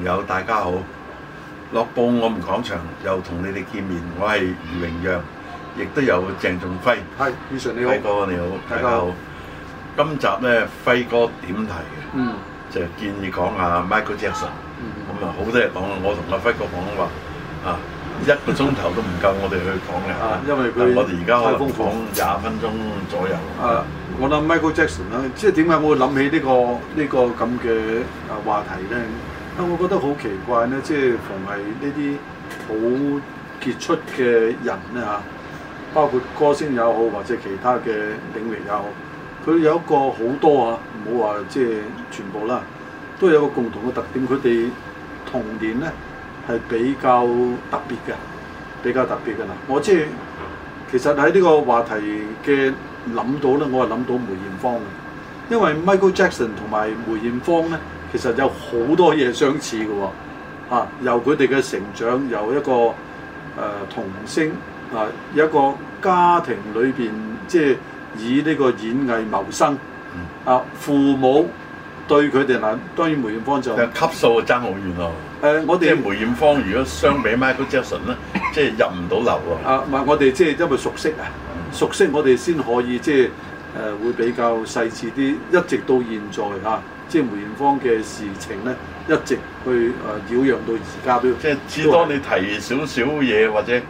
朋友，大家好，樂報我們講場又同你哋見面，我係余榮陽，亦都有鄭仲輝。係，主 席樂你好，輝哥你好，大家好。今集咧，輝哥點提嘅？嗯，就建議講下 Michael Jackson、嗯。咁啊，好多嘢講，我同阿輝哥講話啊，一個鐘頭都唔夠，我哋去講嘅。啊，因為我哋而家可能講廿分鐘左右。 啊，嗯、我諗 Michael Jackson 啦、這個，即係點解我會諗起呢個呢個咁嘅啊話題咧？啊，我覺得好奇怪呢，即係逢係呢啲好傑出嘅人咧，包括歌星也好，或者其他嘅領域也好，佢有一個好多啊，唔好話即係全部啦，都有個共同嘅特點，佢哋童年呢係比較特別嘅，比較特別嘅啦。我即係其實喺呢個話題嘅諗到呢，我係諗到梅艷芳嘅，因為 Michael Jackson 同埋梅艷芳呢。其實有好多嘢相似嘅喎，啊，由佢哋嘅成長，由一個誒呃、童星啊，一個家庭裏邊，即係以呢個演藝謀生，啊，父母對佢哋嗱，當然梅艷芳就級數啊爭好遠咯。誒、呃，我哋梅艷芳如果相比 Michael Jackson 咧， 即係入唔到流喎。啊，唔係我哋即係因為熟悉啊，熟悉我哋先可以即係誒會比較細緻啲，一直到現在嚇。即梅艷芳嘅事情咧，一直去誒擾攘到而家都，即至多你提少少嘢或者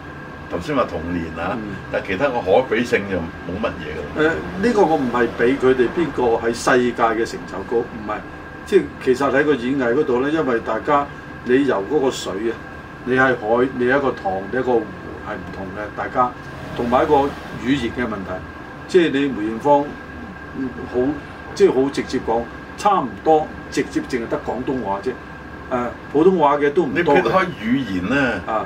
頭先話童年啊，嗯、但其他個可比性就冇乜嘢嘅。誒、這、呢個我唔係比佢哋邊個喺世界嘅成就高，唔係即其實喺個演藝嗰度咧，因為大家你游嗰個水啊，你係海，你一個塘，你一個湖係唔同嘅，大家同埋一個語言嘅問題，即你梅艷芳好即好直接講。差唔多直接淨係得廣東話啫，誒、啊、普通話嘅都唔多。你撇開語言咧，啊，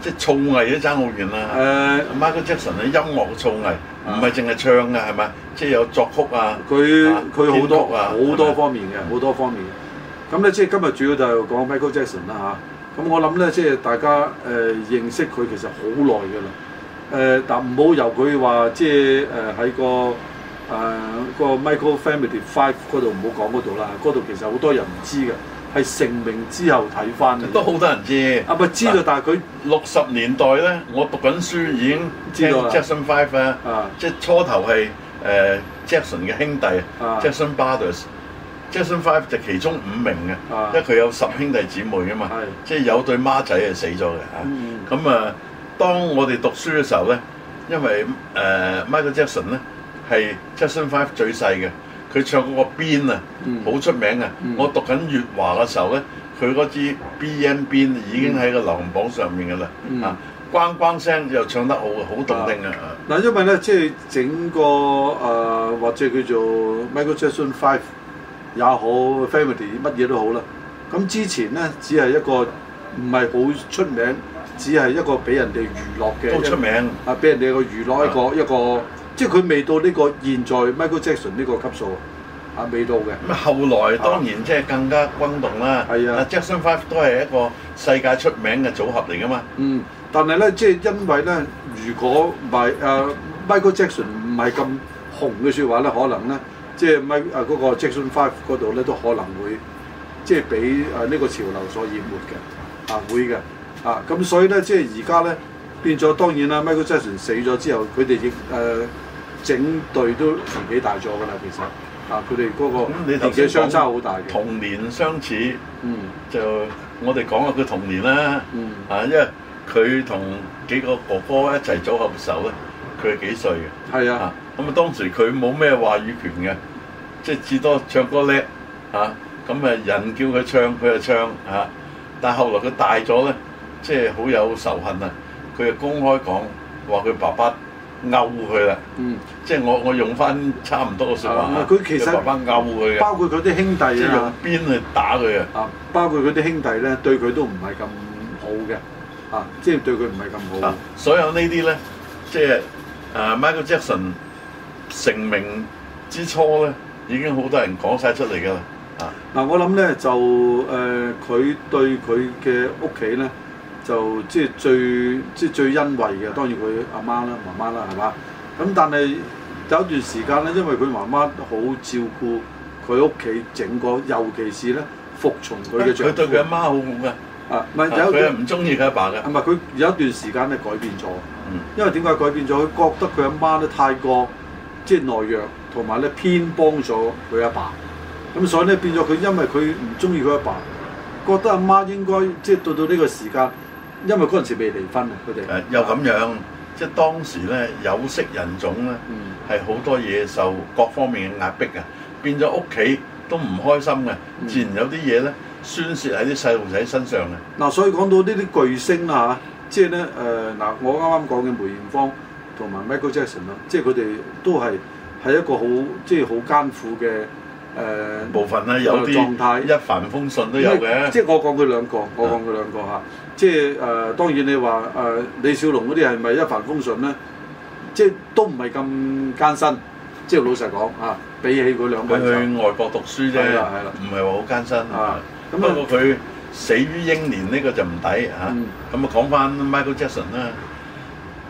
即係創藝都爭好遠啦，啊。誒，Michael Jackson 咧音樂創藝，唔係淨係唱啊，係咪？即係有作曲啊，佢佢好多啊，好多方面嘅，好多方面。咁咧，嗯、即係今日主要就係講 Michael Jackson 啦、啊、吓，咁我諗咧即係大家誒認識佢其實好耐㗎啦。誒，但唔好由佢話即係誒喺個。誒個 Michael Family Five 嗰度唔好講嗰度啦，嗰度其實好多人唔知嘅，係成名之後睇翻嘅，都好多人知。啊，唔知道，但係佢六十年代咧，我讀緊書已經知道 Jackson Five 啊，即係初頭係誒 Jackson 嘅兄弟，Jackson Brothers，Jackson Five 就其中五名嘅，因為佢有十兄弟姊妹啊嘛，即係有對孖仔係死咗嘅嚇。咁啊，當我哋讀書嘅時候咧，因為誒 Michael Jackson 咧。係 Jackson Five 最細嘅，佢唱嗰個邊啊、嗯，好出名啊。嗯、我讀緊粵話嘅時候咧，佢嗰支 B.M. 邊已經喺個流行榜上面嘅啦。嗯、啊，關關聲又唱得好好動聽啊！嗱，因為咧，即、就、係、是、整個誒、呃、或者叫做 Michael Jackson Five 也好，Family 乜嘢都好啦。咁之前咧，只係一個唔係好出名，只係一個俾人哋娛樂嘅，都出名啊！俾人哋一個娛樂一個一個。啊。即係佢未到呢個現在 Michael Jackson 呢個級數啊，未到嘅。咁後來當然即係更加轟動啦。係啊，Jackson Five 都係一個世界出名嘅組合嚟噶嘛。嗯，但係咧，即係因為咧，如果唔係啊，Michael Jackson 唔係咁紅嘅説話咧，可能咧，即係 Michael Jackson Five 嗰度咧，都可能會即係俾啊呢個潮流所淹沒嘅。啊，會嘅。啊，咁所以咧，即係而家咧，變咗，當然啦，Michael Jackson 死咗之後，佢哋亦誒。呃整隊都年紀大咗㗎啦，其實啊，佢哋嗰個年紀相差好大嘅，童年相似，嗯，就我哋講下佢童年咧，啊、嗯，因為佢同幾個哥哥一齊組合嘅時候咧，佢係幾歲嘅？係、嗯、啊，咁啊當時佢冇咩話語權嘅，即係至多唱歌叻，嚇咁啊人叫佢唱佢就唱，嚇、啊，但係後來佢大咗咧，即係好有仇恨啊，佢就公開講話佢爸爸。拗佢啦，嗯，即係我我用翻差唔多嘅說話，佢、啊、其實慢慢包括佢啲兄弟用、啊、鞭去打佢啊，包括佢啲兄弟咧，對佢都唔係咁好嘅，啊，即、就、係、是、對佢唔係咁好、啊。所有呢啲咧，即係誒、啊，Michael Jackson 成名之初咧，已經好多人講晒出嚟噶啦，啊，嗱、啊，我諗咧就誒，佢、呃、對佢嘅屋企咧。就即係最即係最欣慰嘅，當然佢阿媽啦、媽媽啦，係嘛？咁但係有一段時間咧，因為佢媽媽好照顧佢屋企整個，尤其是咧服從佢嘅丈夫。佢、啊、對佢阿媽好嘅。啊，唔係有佢唔中意佢阿爸嘅。唔係佢有一段時間咧改變咗、嗯就是，因為點解改變咗？佢覺得佢阿媽咧太過即係懦弱，同埋咧偏幫咗佢阿爸。咁所以咧變咗佢，因為佢唔中意佢阿爸，覺得阿媽、媽應該即係、就是、到到呢個時間。因為嗰陣時未離婚啊，佢哋。誒又咁樣，即係當時咧，有色人種咧，係好多嘢受各方面嘅壓迫，啊，變咗屋企都唔開心嘅，自然有啲嘢咧宣泄喺啲細路仔身上嘅。嗱、嗯嗯，所以講到呢啲巨星啊，即係咧誒嗱，我啱啱講嘅梅豔芳同埋 Michael Jackson 咯，即係佢哋都係係一個好即係好艱苦嘅誒、呃、部分啦、啊，有啲狀態一帆風順都有嘅、嗯。即係我講佢兩個，嗯、我講佢兩個嚇。即係誒，當然你話誒李小龍嗰啲係咪一帆風順咧？即係都唔係咁艱辛，即係老實講啊。比起佢兩位，佢去外國讀書啫，唔係話好艱辛啊。的不過佢死於英年呢個就唔抵嚇。咁、嗯、啊講翻、嗯、Michael Jackson 啦，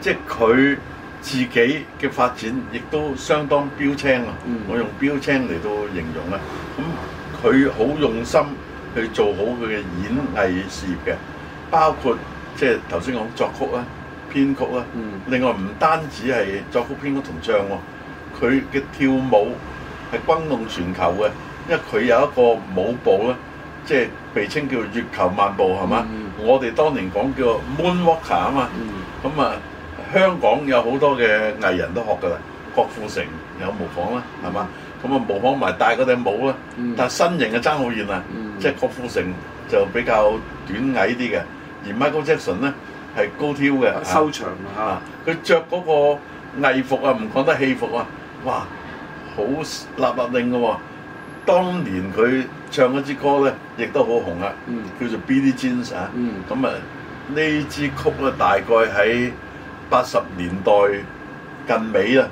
即係佢自己嘅發展亦都相當標青啊！嗯、我用標青嚟到形容啦。咁佢好用心去做好佢嘅演藝事業嘅。包括即係頭先講作曲啦、編曲啦，另外唔單止係作曲編曲同唱喎，佢嘅跳舞係轟動全球嘅，因為佢有一個舞步咧，即係被稱叫月球漫步係嘛？我哋當年講叫 Moonwalker 啊嘛，咁啊香港有好多嘅藝人都學㗎啦，郭富城有模仿啦係嘛？咁啊模仿埋帶嗰頂帽啦，但係身形嘅爭好遠啊，即係郭富城就比較短矮啲嘅。而 Michael Jackson 咧係高挑嘅，修長啊！佢着嗰個藝服啊，唔講得戲服啊，哇，好立立令嘅喎！當年佢唱嗰支歌咧，亦都好紅啊，叫做《Billie Jean》啊！咁啊，呢支曲啊，大概喺八十年代近尾啊，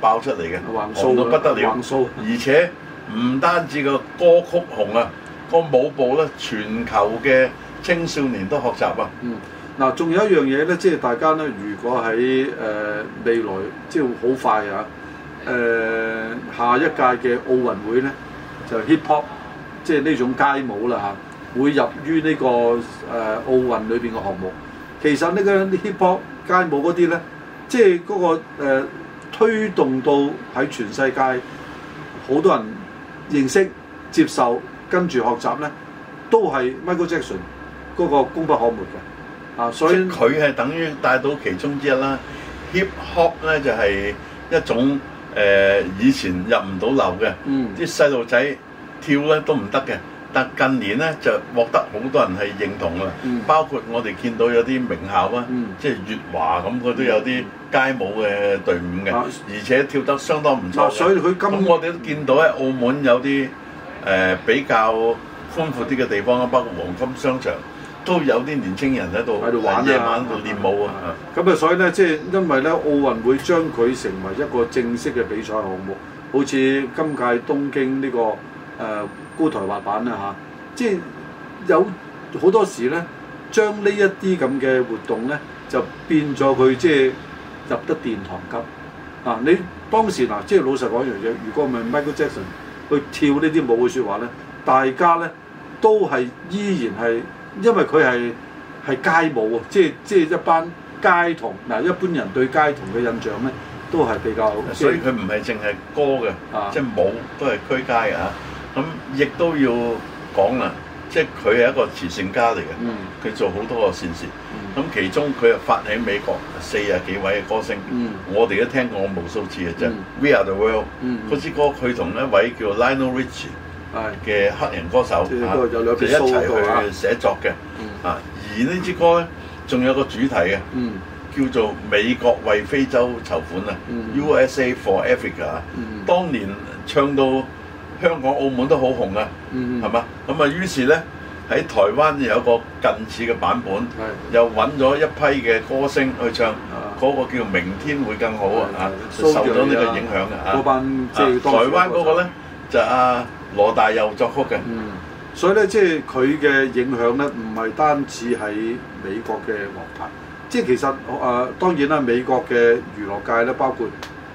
爆出嚟嘅，紅到不得了，而且唔單止個歌曲紅啊，個舞步咧，全球嘅。青少年都學習啊！嗱、嗯，仲有一樣嘢咧，即係大家咧，如果喺誒、呃、未來即係好快啊，誒、呃、下一屆嘅奧運會咧，就 hip hop 即係呢種街舞啦嚇、啊，會入於呢、這個誒、呃、奧運裏邊嘅項目。其實呢個 hip hop 街舞嗰啲咧，即係嗰、那個、呃、推動到喺全世界好多人認識、接受、跟住學習咧，都係 Michael Jackson。嗰個功不可沒嘅，啊，所以佢係等於帶到其中之一啦。啊、Hip hop、ok、咧就係、是、一種誒、呃，以前入唔到樓嘅，啲細路仔跳咧都唔得嘅。但近年咧就獲得好多人係認同嘅，嗯、包括我哋見到有啲名校啊，嗯、即係粵華咁，佢都有啲街舞嘅隊伍嘅，嗯、而且跳得相當唔錯、啊。所以佢咁，我哋都見到喺澳門有啲誒、呃、比較寬闊啲嘅地方，包括黃金商場。都有啲年青人喺度喺度玩啊，玩台練舞啊，咁啊，所以呢，即係因為呢奧運會將佢成為一個正式嘅比賽項目，好似今屆東京呢個誒高台滑板啦吓，即係有好多時呢，將呢一啲咁嘅活動呢，就變咗佢即係入得殿堂級啊！你當時嗱，即係老實講樣嘢，如果唔係 Michael Jackson 去跳呢啲舞嘅説話呢，大家呢都係依然係。因為佢係係街舞啊，即係即係一班街童嗱，一般人對街童嘅印象咧，都係比較好嘅所以佢唔係淨係歌嘅、啊，即係舞都係區街啊。咁亦都要講啦，即係佢係一個慈善家嚟嘅，佢、嗯、做好多個善事。咁、嗯、其中佢又發起美國四十幾位嘅歌星，嗯、我哋都聽過無數次嘅啫。嗯、We Are the World 嗰、嗯嗯、支歌，佢同一位叫 Lionel Richie。嘅黑人歌手，佢一齊去寫作嘅，啊，而呢支歌呢，仲有個主題嘅，叫做美國為非洲籌款啊，USA for Africa。當年唱到香港、澳門都好紅啊，係嘛？咁啊，於是呢，喺台灣有個近似嘅版本，又揾咗一批嘅歌星去唱，嗰個叫明天會更好啊，受咗呢個影響啊，即係台灣嗰個咧就阿。羅大佑作曲嘅、嗯，所以咧即係佢嘅影響咧，唔係單止喺美國嘅樂壇，即係其實啊、呃、當然啦，美國嘅娛樂界咧，包括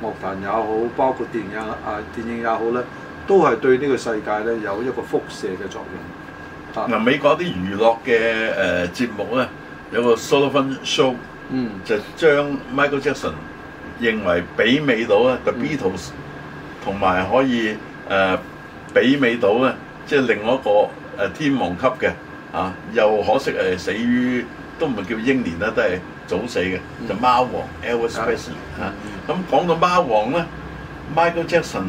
樂壇也好，包括電影啊、呃、電影也好咧，都係對呢個世界咧有一個輻射嘅作用。嗱、啊，美國啲娛樂嘅誒節目咧，有個 Sullivan Show，嗯，就將 Michael Jackson 認為媲美到咧、嗯、The Beatles，同埋可以誒。呃比美到咧，即係另外一個誒、呃、天王級嘅啊！又可惜誒死於都唔係叫英年啦，都係早死嘅。嗯、就貓王 Elvis Presley，咁講到貓王咧，Michael Jackson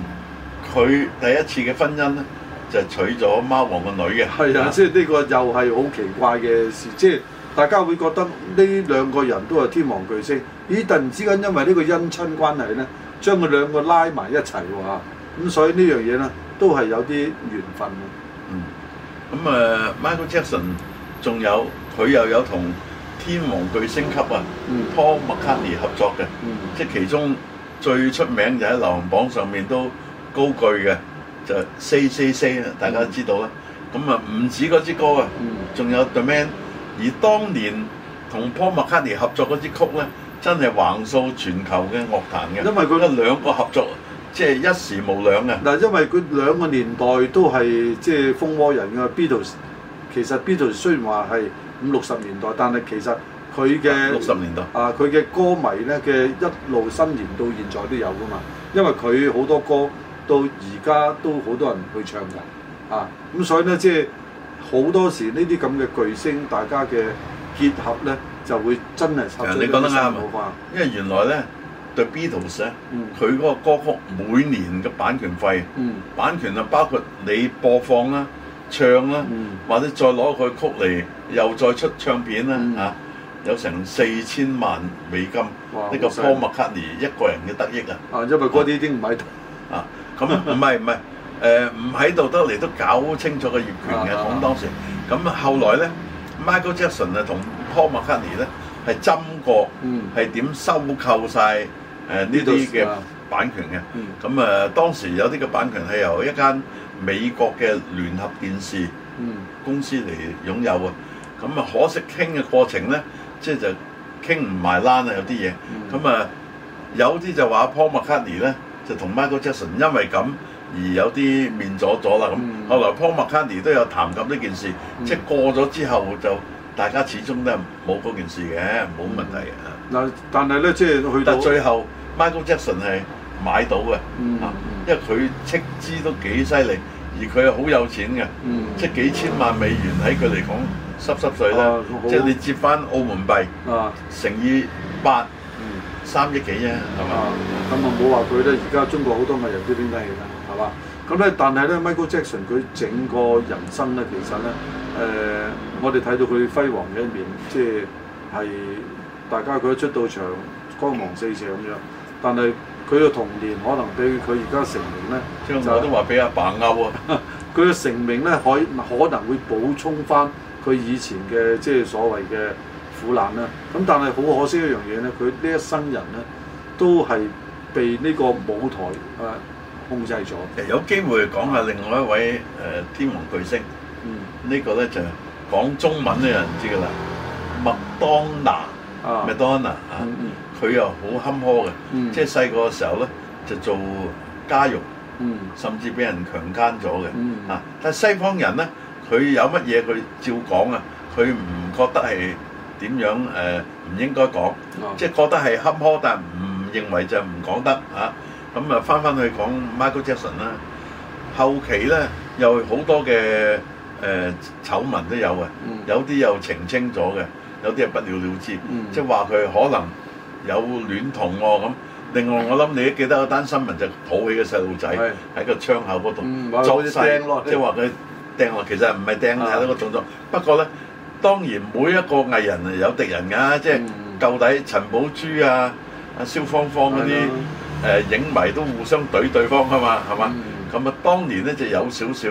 佢第一次嘅婚姻咧就娶咗貓王個女嘅。係啊，即係呢個又係好奇怪嘅事，即係大家會覺得呢兩個人都係天王巨星，咦？突然之間因為呢個姻親關係咧，將佢兩個拉埋一齊喎，咁所以樣、啊、呢樣嘢咧。 都係有啲緣分嘅，嗯，咁啊，Michael Jackson 仲有佢又有同天王巨星級啊、嗯、，Paul McCartney 合作嘅，嗯、即係其中最出名就喺流行榜上面都高句嘅，就係 Say Say Say，大家都知道啦。咁啊、嗯，唔止嗰支歌啊，仲、嗯、有 The Man。而當年同 Paul McCartney 合作嗰支曲咧，真係橫掃全球嘅樂壇嘅，因為佢嘅兩個合作。即係一時無兩啊！嗱，因為佢兩個年代都係即係風魔人㗎。Beatles 其實 Beatles 雖然話係五六十年代，但係其實佢嘅六十年代啊，佢嘅歌迷咧嘅一路新年到現在都有㗎嘛。因為佢好多歌到而家都好多人去唱㗎啊。咁所以咧，即係好多時呢啲咁嘅巨星，大家嘅結合咧就會真係拆咗呢個新火花。因為原來咧。對 Beatles 咧，佢嗰個歌曲每年嘅版權費、嗯，版權啊包括你播放啦、唱啦，嗯、或者再攞佢曲嚟又再出唱片啦嚇、嗯啊，有成四千萬美金，呢哇個 Paul McCartney 一個人嘅得益啊，因為嗰啲已經唔喺度啊，咁唔係唔係誒唔喺度得嚟都搞清楚個業權嘅，咁當 時，咁、嗯啊啊、後來咧，Michael Jackson 啊同 Paul McCartney 咧。係針過，係點、嗯、收購晒誒呢啲嘅版權嘅？咁啊、嗯，嗯嗯、當時有啲嘅版權係由一間美國嘅聯合電視公司嚟擁有啊。咁啊、嗯嗯，可惜傾嘅過程咧，即係就傾唔埋欄啊，有啲嘢。咁啊，有啲就話阿 Paul McCartney 咧就同 Michael Jackson 因為咁而有啲面阻阻啦。咁、嗯嗯、後來 Paul McCartney 都有談及呢件事，嗯、即係過咗之後就。大家始終都係冇嗰件事嘅，冇問題嘅。嗱，但係咧，即係去到，但最後 Michael Jackson 係買到嘅，因為佢斥資都幾犀利，而佢又好有錢嘅，即係幾千萬美元喺佢嚟講濕濕碎啦，即係你折翻澳門幣，乘以八，三億幾啫，係嘛？咁啊冇話佢咧，而家中國好多藝人知點解嘅，係嘛？咁咧，但係咧，Michael Jackson 佢整個人生咧，其實咧。誒、呃，我哋睇到佢輝煌嘅一面，即係係大家佢一出到場，光芒四射咁樣。但係佢嘅童年可能對佢而家成名呢，就都話比較把握啊。佢 嘅成名呢，可可能會補充翻佢以前嘅即係所謂嘅苦難啦。咁但係好可惜一樣嘢呢，佢呢一生人呢，都係被呢個舞台控制咗。有機會講下另外一位誒、呃、天王巨星。嗯，這個、呢個咧就是，講中文咧就有人唔知噶啦，麥當娜，麥當娜啊，佢、啊嗯、又好坎坷嘅，即係細個嘅時候咧就做家傭，甚至俾人強姦咗嘅，啊！但係西方人咧，佢有乜嘢佢照講啊，佢唔覺得係點樣誒唔、呃、應該講，即係、嗯嗯、覺得係坎坷，但係唔認為就唔講得啊，咁啊翻翻去講 Michael Jackson 啦、啊，後期咧又好多嘅。嗯嗯誒醜聞都有嘅，有啲又澄清咗嘅，有啲係不了了之，即係話佢可能有戀童喎咁。另外我諗你都記得嗰單新聞就抱起個細路仔喺個窗口嗰度做釘咯，即係話佢掟落，其實唔係掟啊嗰個動作。不過咧，當然每一個藝人有敵人㗎，即係舊底陳寶珠啊、阿蕭芳芳嗰啲誒影迷都互相懟對方㗎嘛，係嘛？咁啊，當年咧就有少少。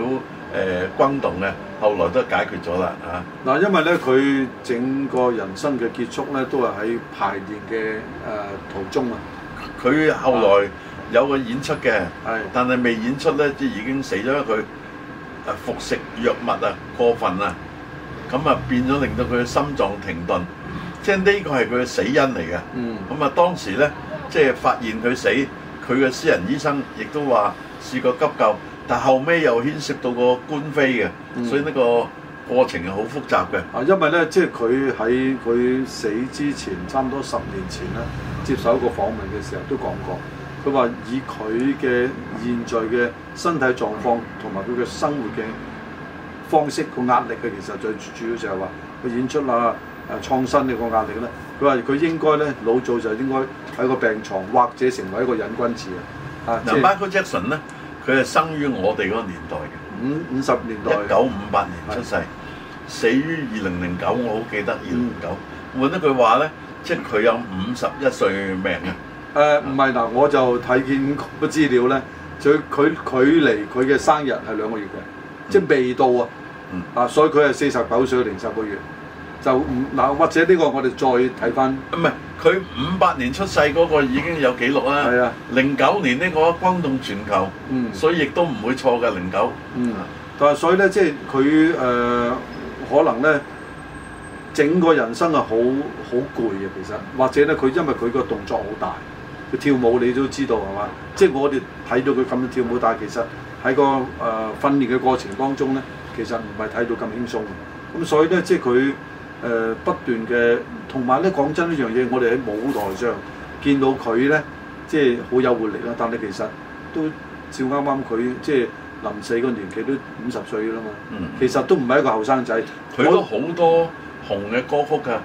誒轟動嘅，後來都解決咗啦嚇。嗱、啊，因為咧佢整個人生嘅結束咧，都係喺排練嘅誒途中啊。佢後來有個演出嘅，啊、但係未演出咧，即已經死咗。佢服食藥物啊過分啊，咁啊變咗令到佢嘅心臟停頓，嗯、即係呢個係佢嘅死因嚟嘅、嗯嗯。嗯，咁啊當時咧即係發現佢死，佢嘅私人醫生亦都話試過急救，但後尾又牽涉到個官非嘅，所以呢個過程係好複雜嘅。啊、嗯，因為咧，即係佢喺佢死之前，差唔多十年前咧，接受一個訪問嘅時候都講過，佢話以佢嘅現在嘅身體狀況同埋佢嘅生活嘅方式，個壓力嘅，其實最主要就係話佢演出啊、誒創新嘅個壓力咧。佢話佢應該咧老早就應該喺個病床，或者成為一個癮君子啊。嗱，Michael Jackson 咧。佢係生於我哋嗰個年代嘅，五五十年代，一九五八年出世，是死於二零零九，我好記得二零零九。換一句話呢，即係佢有五十一歲命嘅。誒唔係嗱，我就睇見個資料呢，最佢距離佢嘅生日係兩個月嘅，嗯、即係未到啊。啊、嗯呃，所以佢係四十九歲零十個月，就嗱、呃，或者呢個我哋再睇翻唔係。呃佢五八年出世嗰個已經有記錄啦，零九、啊、年呢，嗰個轟動全球，嗯、所以亦都唔會錯嘅零九。但係所以咧，即係佢誒可能咧，整個人生係好好攰嘅其實，或者咧佢因為佢個動作好大，佢跳舞你都知道係嘛？即係我哋睇到佢咁樣跳舞，但係其實喺個誒訓練嘅過程當中咧，其實唔係睇到咁輕鬆。咁所以咧，即係佢。誒不斷嘅，同埋咧講真呢樣嘢，我哋喺舞台上見到佢咧，即係好有活力啦。但係其實都照啱啱佢即係臨死個年紀都五十歲㗎啦嘛。其實都唔係一個後生仔，佢、嗯、都好多紅嘅歌曲㗎。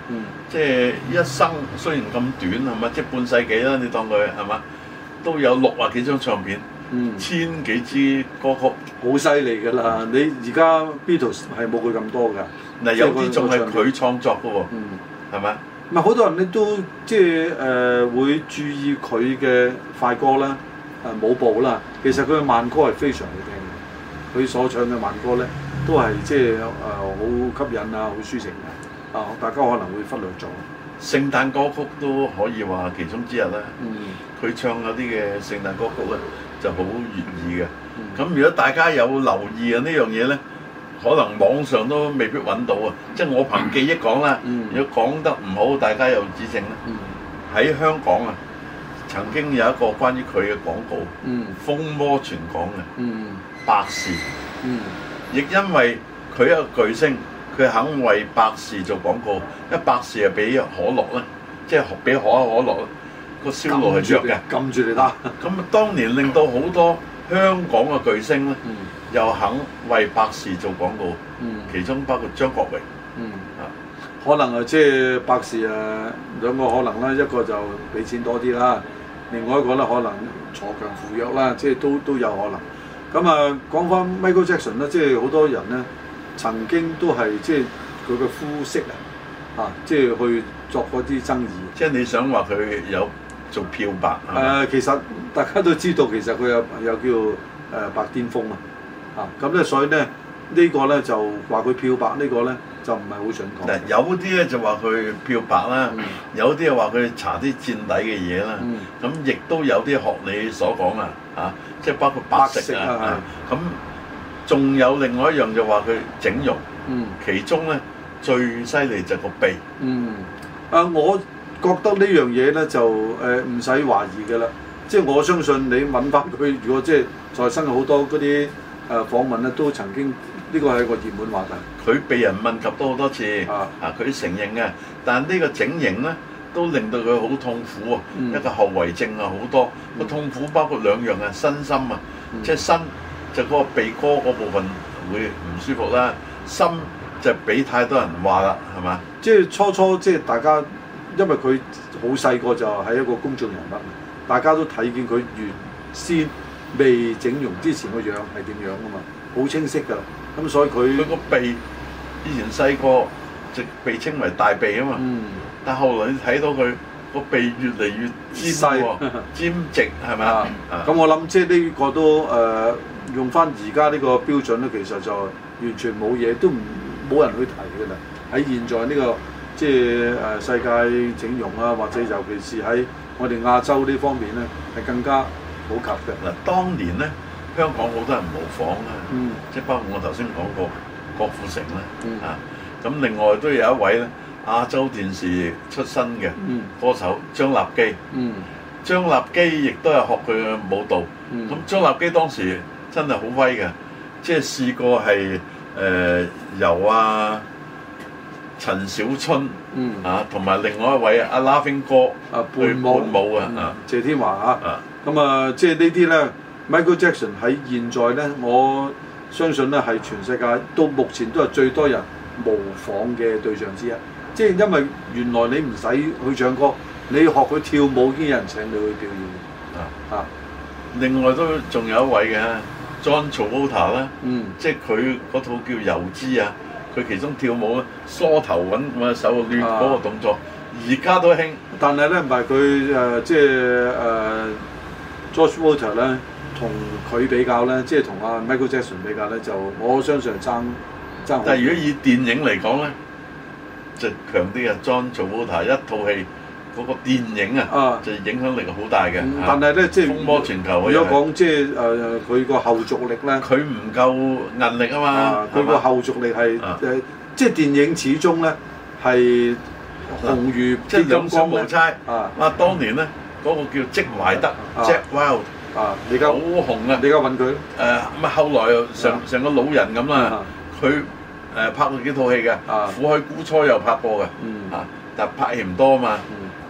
即係、嗯、一生雖然咁短係咪？即係半世紀啦。你當佢係嘛，都有六啊幾張唱片，嗯、千幾支歌曲，好犀利㗎啦。嗯、你而家 Beatles 係冇佢咁多㗎。嗱，有啲仲係佢創作嘅喎，係咪、嗯？唔係好多人咧都即係誒會注意佢嘅快歌啦，誒、呃、舞步啦。其實佢嘅慢歌係非常好聽嘅，佢所唱嘅慢歌咧都係即係誒好吸引啊，好抒情嘅。啊、呃，大家可能會忽略咗聖誕歌曲都可以話其中之一啦。嗯，佢唱嗰啲嘅聖誕歌曲咧就好悅耳嘅。咁、嗯、如果大家有留意呀呢樣嘢咧？可能網上都未必揾到啊！即係我憑記憶講啦，嗯、如果講得唔好，大家又指正啦。喺、嗯、香港啊，嗯、曾經有一個關於佢嘅廣告，嗯、風魔全港嘅百事。亦因為佢一個巨星，佢肯為百事做廣告，一百事啊俾可樂咧，即係俾可口可樂咧，個銷路係着嘅。冚住你啦！咁啊， 當年令到好多香港嘅巨星咧。又肯為百事做廣告，嗯、其中包括張國榮。啊、嗯，嗯、可能啊，即係百事啊，兩個可能咧，一個就俾錢多啲啦，另外一個咧可能鋤強扶弱啦，即係都都有可能。咁、嗯、啊，講返 Michael Jackson 咧，即係好多人咧，曾經都係即係佢嘅膚色啊，啊，即、就、係、是、去作嗰啲爭議。即係你想話佢有做漂白？誒、呃，其實大家都知道，其實佢有有叫誒白癜風啊。咁咧，啊、所以咧呢、這個咧就話佢漂白、這個、呢個咧就唔係好準確。嗱，有啲咧就話佢漂白啦，嗯、有啲又話佢搽啲墊底嘅嘢啦。咁亦都有啲學你所講啊，嚇，即係包括白色、白色啊。咁仲、啊嗯、有另外一樣就話佢整容。嗯、其中咧最犀利就個鼻。嗯。啊，我覺得呢樣嘢咧就誒唔使懷疑嘅啦。即係我相信你問翻佢，如果即係再生好多嗰啲。誒、呃、訪問咧都曾經，呢個係一個熱門話題。佢被人問及多好多次，啊，佢、啊、承認嘅。但係呢個整形咧，都令到佢好痛苦啊！嗯、一個後遺症啊，好多、嗯、個痛苦包括兩樣啊，身心啊，嗯、即係身就嗰個鼻哥嗰部分會唔舒服啦，心就俾太多人話啦，係嘛？即係初初即係大家，因為佢好細個就係一個公眾人物，大家都睇見佢原先，未整容之前個樣係點樣㗎嘛？好清晰㗎，咁所以佢佢個鼻以前細個直，被稱為大鼻啊嘛。嗯，但後來你睇到佢、個鼻越嚟越尖喎、哦， 尖直係咪 啊？咁我諗即係呢個都誒、呃、用翻而家呢個標準咧，其實就完全冇嘢，都冇人去提㗎啦。喺現在呢、呢個即係誒世界整容啊，或者尤其是喺我哋亞洲呢方面咧，係更加。好普及嘅嗱，當年咧香港好多人模仿啦，即係包括我頭先講過郭富城啦，嗯、啊咁另外都有一位咧亞洲電視出身嘅歌手張立基，嗯、張立基亦都係學佢嘅舞蹈，咁、嗯、張立基當時真係好威㗎，即係試過係誒、呃、由啊陳小春啊同埋另外一位阿 Laughing 哥去伴、啊、舞啊、嗯，謝天華啊。咁啊，即係呢啲咧，Michael Jackson 喺現在咧，我相信咧係全世界到目前都係最多人模仿嘅對象之一。即係因為原來你唔使去唱歌，你學佢跳舞已經有人請你去表演。啊，啊另外都仲有一位嘅 John Travolta 嗯，即係佢嗰套叫油脂啊，佢其中跳舞啊，梳頭揾揾手亂嗰個動作，而家、啊、都興、啊。但係咧唔係佢誒，即係誒。呃 Josh Water 咧，同佢比較咧，即係同阿 Michael Jackson 比較咧，就我相信係爭爭。但係如果以電影嚟講咧，就強啲嘅！George Water 一套戲嗰個電影啊，就影響力好大嘅。啊、但係咧，即係風魔全球，如果講是即係誒佢個後續力咧，佢唔夠韌力啊嘛，佢個、啊、後續力係誒，啊啊、即係電影始終咧係無餘，即係金光無差。啊，當年咧。嗯嗰個叫積懷德 Jack Wild，哇！啊，好紅啊！你而家揾佢？咁咪後來又成成個老人咁啦。佢誒拍過幾套戲嘅，《苦海孤雛》又拍過嘅。嗯，啊，就拍戲唔多嘛。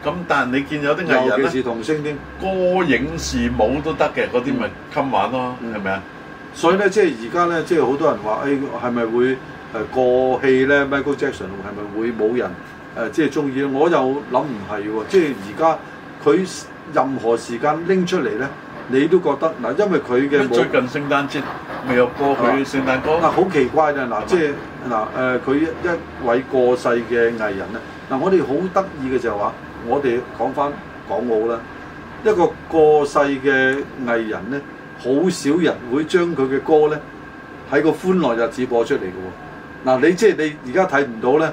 咁但係你見有啲藝人咧，尤其是童星啲歌、影、視、舞都得嘅嗰啲，咪襟玩咯，係咪啊？所以咧，即係而家咧，即係好多人話，誒係咪會誒過氣咧？Michael Jackson 係咪會冇人誒即係中意咧？我又諗唔係喎，即係而家。佢任何時間拎出嚟呢，你都覺得嗱，因為佢嘅最近聖誕節未有過佢嗎聖誕歌。嗱嗎，好奇怪嘅嗱，嗎即係嗱誒，佢、呃、一位過世嘅藝人呢，嗱嗎、就是，我哋好得意嘅就係話，我哋講翻港澳啦，一個過世嘅藝人呢，好少人會將佢嘅歌呢，喺個歡樂日子播出嚟嘅喎。嗱、呃，你即係你而家睇唔到呢？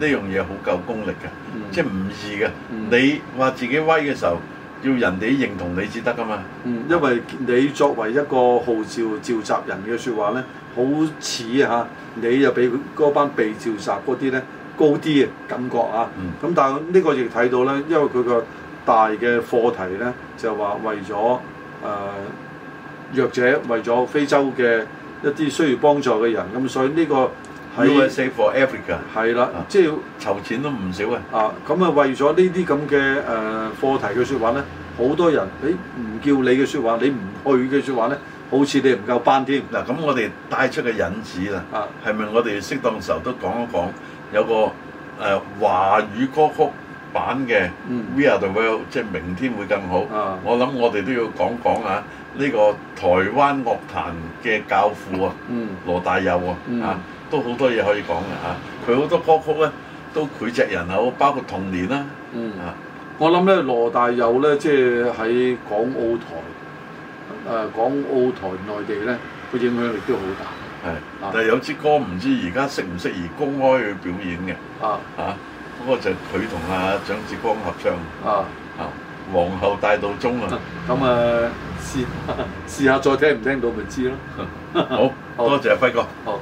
呢樣嘢好夠功力嘅，嗯、即係唔易嘅。嗯、你話自己威嘅時候，要人哋認同你至得噶嘛、嗯？因為你作為一個號召召集人嘅説話呢，好似嚇、啊、你又比嗰班被召集嗰啲呢，高啲嘅感覺啊。咁、嗯、但係呢個亦睇到呢，因為佢個大嘅課題呢，就話為咗誒、呃、弱者，為咗非洲嘅一啲需要幫助嘅人，咁所以呢、呢個。係 USA for Africa 係啦，即係要籌錢都唔少嘅啊！咁啊，為咗呢啲咁嘅誒課題嘅説話咧，好多人你唔叫你嘅説話，你唔去嘅説話咧，好似你唔夠班添嗱。咁、啊、我哋帶出嘅引子啊，係咪我哋適當時候都講一講？有個誒、啊、華語歌曲版嘅 We Are The World，嗯、即係明天會更好。啊、我諗我哋都要講講啊，呢、呢個台灣樂壇嘅教父啊，羅大佑啊啊！啊啊啊啊啊啊啊都好多嘢可以講嘅嚇，佢好多歌曲咧都膾炙人口，包括童年啦。嗯啊，我諗咧羅大佑咧，即係喺港澳台、誒港澳台內地咧，佢影響力都好大。係但係有支歌唔知而家適唔適宜公開去表演嘅啊？嚇，嗰個就係佢同阿蔣志光合唱啊啊，《皇后大道中》啊。咁誒，試試下再聽唔聽到咪知咯。好，多謝輝哥。好。